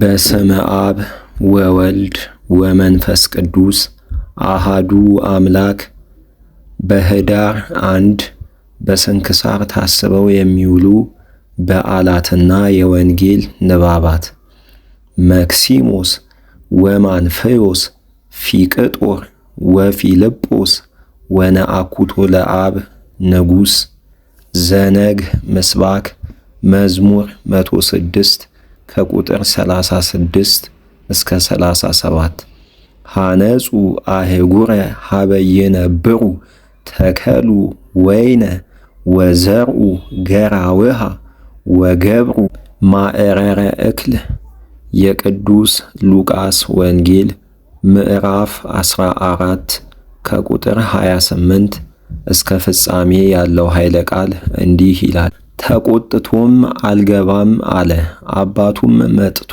በስመ አብ ወወልድ ወመንፈስ ቅዱስ አሃዱ አምላክ በኅዳር አንድ በስንክሳር ታስበው የሚውሉ በዓላትና የወንጌል ንባባት መክሲሞስ ወማንፌዎስ ፊቅጦር ወፊልጶስ ወነአኩቶ ለአብ ንጉሥ ዘነግ ምስባክ መዝሙር 106 ከቁጥር 36 እስከ 37 ሐነጹ አህጉረ ሀበይነብሩ ተከሉ ወይነ ወዘርኡ ገራውሃ ወገብሩ ማዕረረ እክል የቅዱስ ሉቃስ ወንጌል ምዕራፍ 14 ከቁጥር 28 እስከ ፍጻሜ ያለው ኃይለ ቃል እንዲህ ይላል። ተቆጥቶም አልገባም አለ። አባቱም መጥቶ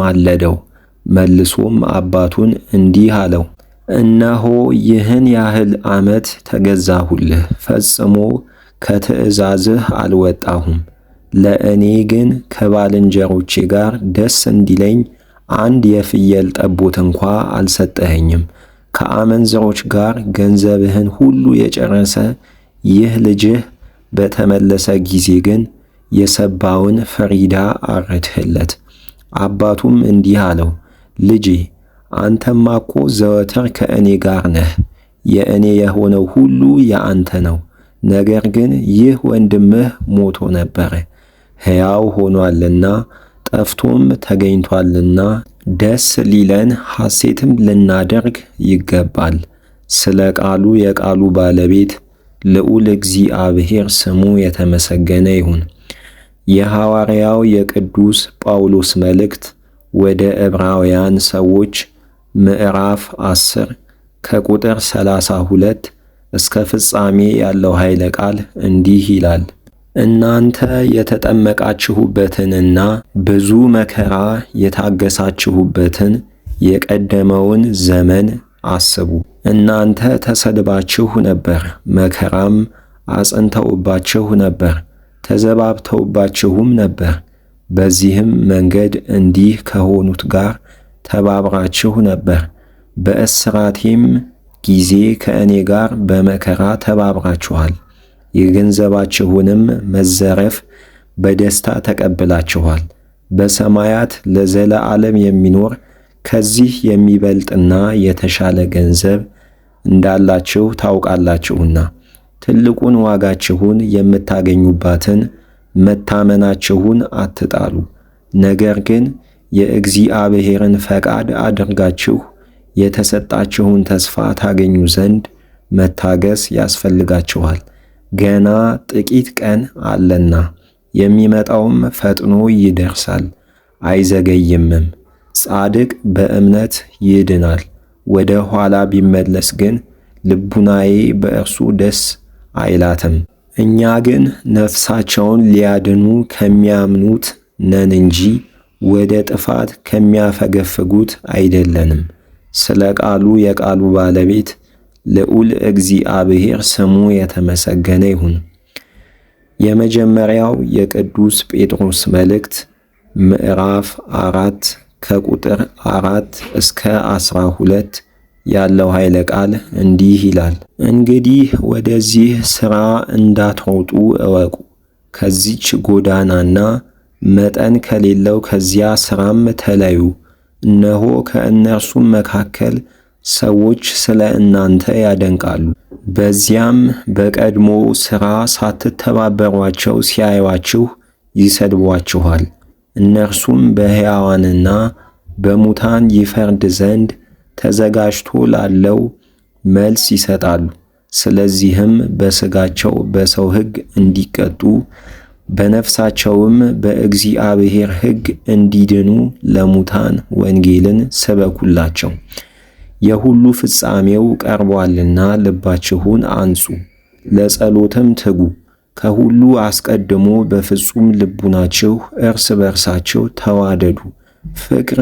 ማለደው። መልሶም አባቱን እንዲህ አለው፣ እነሆ ይህን ያህል ዓመት ተገዛሁልህ፣ ፈጽሞ ከትእዛዝህ አልወጣሁም። ለእኔ ግን ከባልንጀሮቼ ጋር ደስ እንዲለኝ አንድ የፍየል ጠቦት እንኳ አልሰጠኸኝም። ከአመንዝሮች ጋር ገንዘብህን ሁሉ የጨረሰ ይህ ልጅህ በተመለሰ ጊዜ ግን የሰባውን ፈሪዳ አረድህለት። አባቱም እንዲህ አለው፣ ልጄ አንተማ እኮ ዘወትር ከእኔ ጋር ነህ፣ የእኔ የሆነው ሁሉ የአንተ ነው። ነገር ግን ይህ ወንድምህ ሞቶ ነበረ፣ ሕያው ሆኗልና ጠፍቶም ተገኝቷልና ደስ ሊለን ሐሴትም ልናደርግ ይገባል። ስለ ቃሉ የቃሉ ባለቤት ልዑል እግዚአብሔር ስሙ የተመሰገነ ይሁን። የሐዋርያው የቅዱስ ጳውሎስ መልእክት ወደ ዕብራውያን ሰዎች ምዕራፍ 10 ከቁጥር 32 እስከ ፍጻሜ ያለው ኃይለ ቃል እንዲህ ይላል። እናንተ የተጠመቃችሁበትንና ብዙ መከራ የታገሳችሁበትን የቀደመውን ዘመን አስቡ። እናንተ ተሰድባችሁ ነበር፣ መከራም አጽንተውባችሁ ነበር፣ ተዘባብተውባችሁም ነበር። በዚህም መንገድ እንዲህ ከሆኑት ጋር ተባብራችሁ ነበር። በእስራቴም ጊዜ ከእኔ ጋር በመከራ ተባብራችኋል። የገንዘባችሁንም መዘረፍ በደስታ ተቀብላችኋል። በሰማያት ለዘለዓለም የሚኖር ከዚህ የሚበልጥና የተሻለ ገንዘብ እንዳላችሁ ታውቃላችሁና ትልቁን ዋጋችሁን የምታገኙባትን መታመናችሁን አትጣሉ። ነገር ግን የእግዚአብሔርን ፈቃድ አድርጋችሁ የተሰጣችሁን ተስፋ ታገኙ ዘንድ መታገስ ያስፈልጋችኋል። ገና ጥቂት ቀን አለና የሚመጣውም ፈጥኖ ይደርሳል፣ አይዘገይምም። ጻድቅ በእምነት ይድናል። ወደ ኋላ ቢመለስ ግን ልቡናዬ በእርሱ ደስ አይላትም። እኛ ግን ነፍሳቸውን ሊያድኑ ከሚያምኑት ነን እንጂ ወደ ጥፋት ከሚያፈገፍጉት አይደለንም። ስለ ቃሉ የቃሉ ባለቤት ልዑል እግዚአብሔር ስሙ የተመሰገነ ይሁን። የመጀመሪያው የቅዱስ ጴጥሮስ መልእክት ምዕራፍ አራት ከቁጥር አራት እስከ አስራ ሁለት ያለው ኃይለ ቃል እንዲህ ይላል። እንግዲህ ወደዚህ ሥራ እንዳትሮጡ እወቁ። ከዚች ጎዳናና መጠን ከሌለው ከዚያ ሥራም ተለዩ። እነሆ ከእነርሱም መካከል ሰዎች ስለ እናንተ ያደንቃሉ። በዚያም በቀድሞ ሥራ ሳትተባበሯቸው ሲያዩአችሁ ይሰድቧችኋል። እነርሱም በሕያዋንና በሙታን ይፈርድ ዘንድ ተዘጋጅቶ ላለው መልስ ይሰጣሉ። ስለዚህም በሥጋቸው በሰው ሕግ እንዲቀጡ በነፍሳቸውም በእግዚአብሔር ሕግ እንዲድኑ ለሙታን ወንጌልን ስበኩላቸው። የሁሉ ፍጻሜው ቀርቧልና ልባችሁን አንጹ፣ ለጸሎትም ትጉ። ከሁሉ አስቀድሞ በፍጹም ልቡናችሁ እርስ በርሳችሁ ተዋደዱ፣ ፍቅር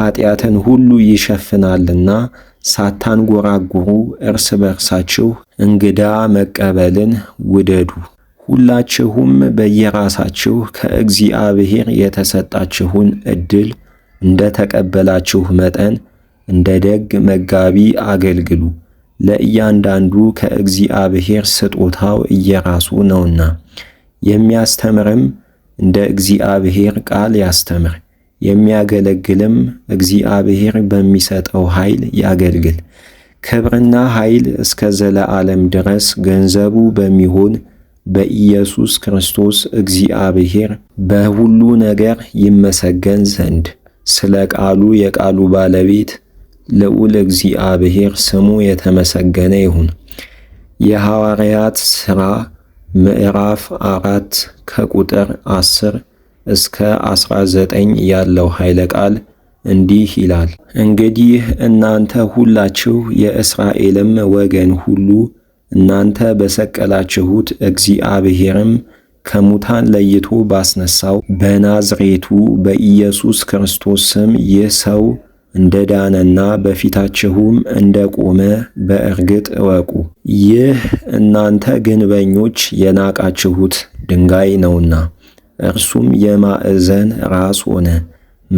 ኃጢአትን ሁሉ ይሸፍናልና ሳታንጎራጉሩ እርስ በርሳችሁ እንግዳ መቀበልን ውደዱ። ሁላችሁም በየራሳችሁ ከእግዚአብሔር የተሰጣችሁን ዕድል እንደ ተቀበላችሁ መጠን እንደ ደግ መጋቢ አገልግሉ። ለእያንዳንዱ ከእግዚአብሔር ስጦታው እየራሱ ነውና የሚያስተምርም እንደ እግዚአብሔር ቃል ያስተምር፣ የሚያገለግልም እግዚአብሔር በሚሰጠው ኃይል ያገልግል። ክብርና ኃይል እስከ ዘለዓለም ድረስ ገንዘቡ በሚሆን በኢየሱስ ክርስቶስ እግዚአብሔር በሁሉ ነገር ይመሰገን ዘንድ ስለ ቃሉ የቃሉ ባለቤት ልዑል እግዚአብሔር ስሙ የተመሰገነ ይሁን። የሐዋርያት ሥራ ምዕራፍ አራት ከቁጥር 10 እስከ 19 ያለው ኃይለ ቃል እንዲህ ይላል። እንግዲህ እናንተ ሁላችሁ የእስራኤልም ወገን ሁሉ እናንተ በሰቀላችሁት እግዚአብሔርም ከሙታን ለይቶ ባስነሳው በናዝሬቱ በኢየሱስ ክርስቶስ ስም ይህ ሰው እንደ ዳነና በፊታችሁም እንደ ቆመ በእርግጥ እወቁ። ይህ እናንተ ግንበኞች የናቃችሁት ድንጋይ ነውና፣ እርሱም የማዕዘን ራስ ሆነ።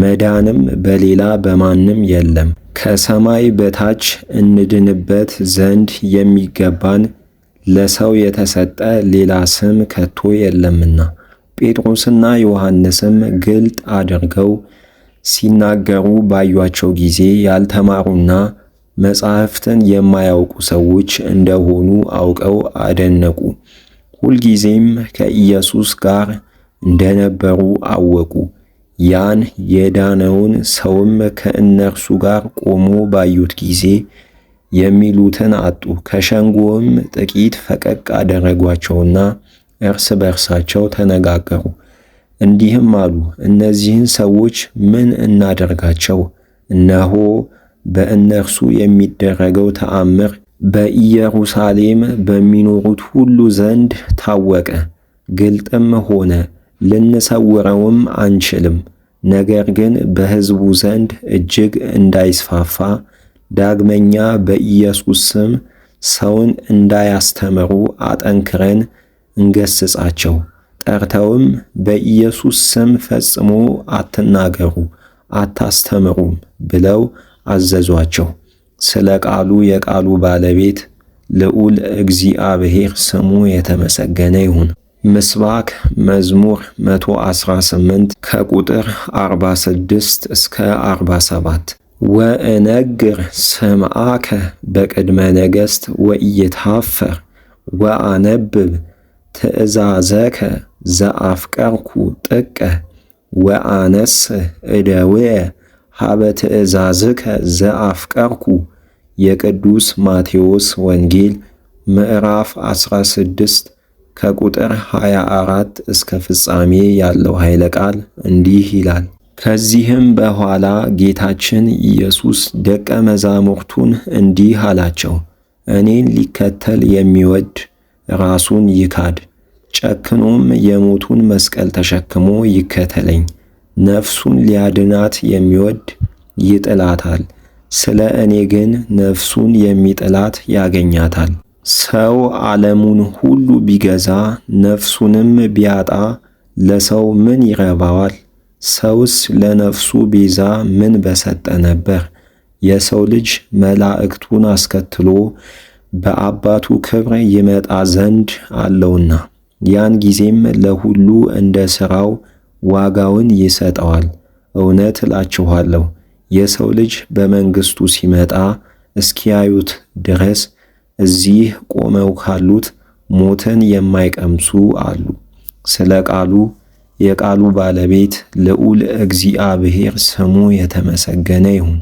መዳንም በሌላ በማንም የለም። ከሰማይ በታች እንድንበት ዘንድ የሚገባን ለሰው የተሰጠ ሌላ ስም ከቶ የለምና። ጴጥሮስና ዮሐንስም ግልጥ አድርገው ሲናገሩ ባዩአቸው ጊዜ ያልተማሩና መጻሕፍትን የማያውቁ ሰዎች እንደሆኑ አውቀው አደነቁ። ሁልጊዜም ከኢየሱስ ጋር እንደነበሩ አወቁ። ያን የዳነውን ሰውም ከእነርሱ ጋር ቆሞ ባዩት ጊዜ የሚሉትን አጡ። ከሸንጎም ጥቂት ፈቀቅ አደረጓቸውና እርስ በርሳቸው ተነጋገሩ። እንዲህም አሉ፣ እነዚህን ሰዎች ምን እናደርጋቸው? እነሆ በእነርሱ የሚደረገው ተአምር በኢየሩሳሌም በሚኖሩት ሁሉ ዘንድ ታወቀ፣ ግልጥም ሆነ፣ ልንሰውረውም አንችልም። ነገር ግን በሕዝቡ ዘንድ እጅግ እንዳይስፋፋ ዳግመኛ በኢየሱስ ስም ሰውን እንዳያስተምሩ አጠንክረን እንገስጻቸው። ጠርተውም በኢየሱስ ስም ፈጽሞ አትናገሩ አታስተምሩም ብለው አዘዟቸው። ስለ ቃሉ የቃሉ ባለቤት ልዑል እግዚአብሔር ስሙ የተመሰገነ ይሁን። ምስባክ መዝሙር 118 ከቁጥር 46 እስከ 47 ወእነግር ስምዓከ በቅድመ ነገሥት ወኢይትሃፈር ወአነብብ ትእዛዘከ ዘአፍቀርኩ ጥቀ ወአነስ እደውየ ሀበ ትእዛዝከ ዘአፍቀርኩ። የቅዱስ ማቴዎስ ወንጌል ምዕራፍ 16 ከቁጥር 24 እስከ ፍጻሜ ያለው ኃይለ ቃል እንዲህ ይላል። ከዚህም በኋላ ጌታችን ኢየሱስ ደቀ መዛሙርቱን እንዲህ አላቸው፣ እኔን ሊከተል የሚወድ ራሱን ይካድ ጨክኖም የሞቱን መስቀል ተሸክሞ ይከተለኝ። ነፍሱን ሊያድናት የሚወድ ይጥላታል፣ ስለ እኔ ግን ነፍሱን የሚጥላት ያገኛታል። ሰው ዓለሙን ሁሉ ቢገዛ ነፍሱንም ቢያጣ ለሰው ምን ይረባዋል? ሰውስ ለነፍሱ ቤዛ ምን በሰጠ ነበር? የሰው ልጅ መላእክቱን አስከትሎ በአባቱ ክብር ይመጣ ዘንድ አለውና። ያን ጊዜም ለሁሉ እንደ ሥራው ዋጋውን ይሰጠዋል። እውነት እላችኋለሁ የሰው ልጅ በመንግሥቱ ሲመጣ እስኪያዩት ድረስ እዚህ ቆመው ካሉት ሞትን የማይቀምሱ አሉ። ስለ ቃሉ የቃሉ ባለቤት ልዑል እግዚአብሔር ስሙ የተመሰገነ ይሁን።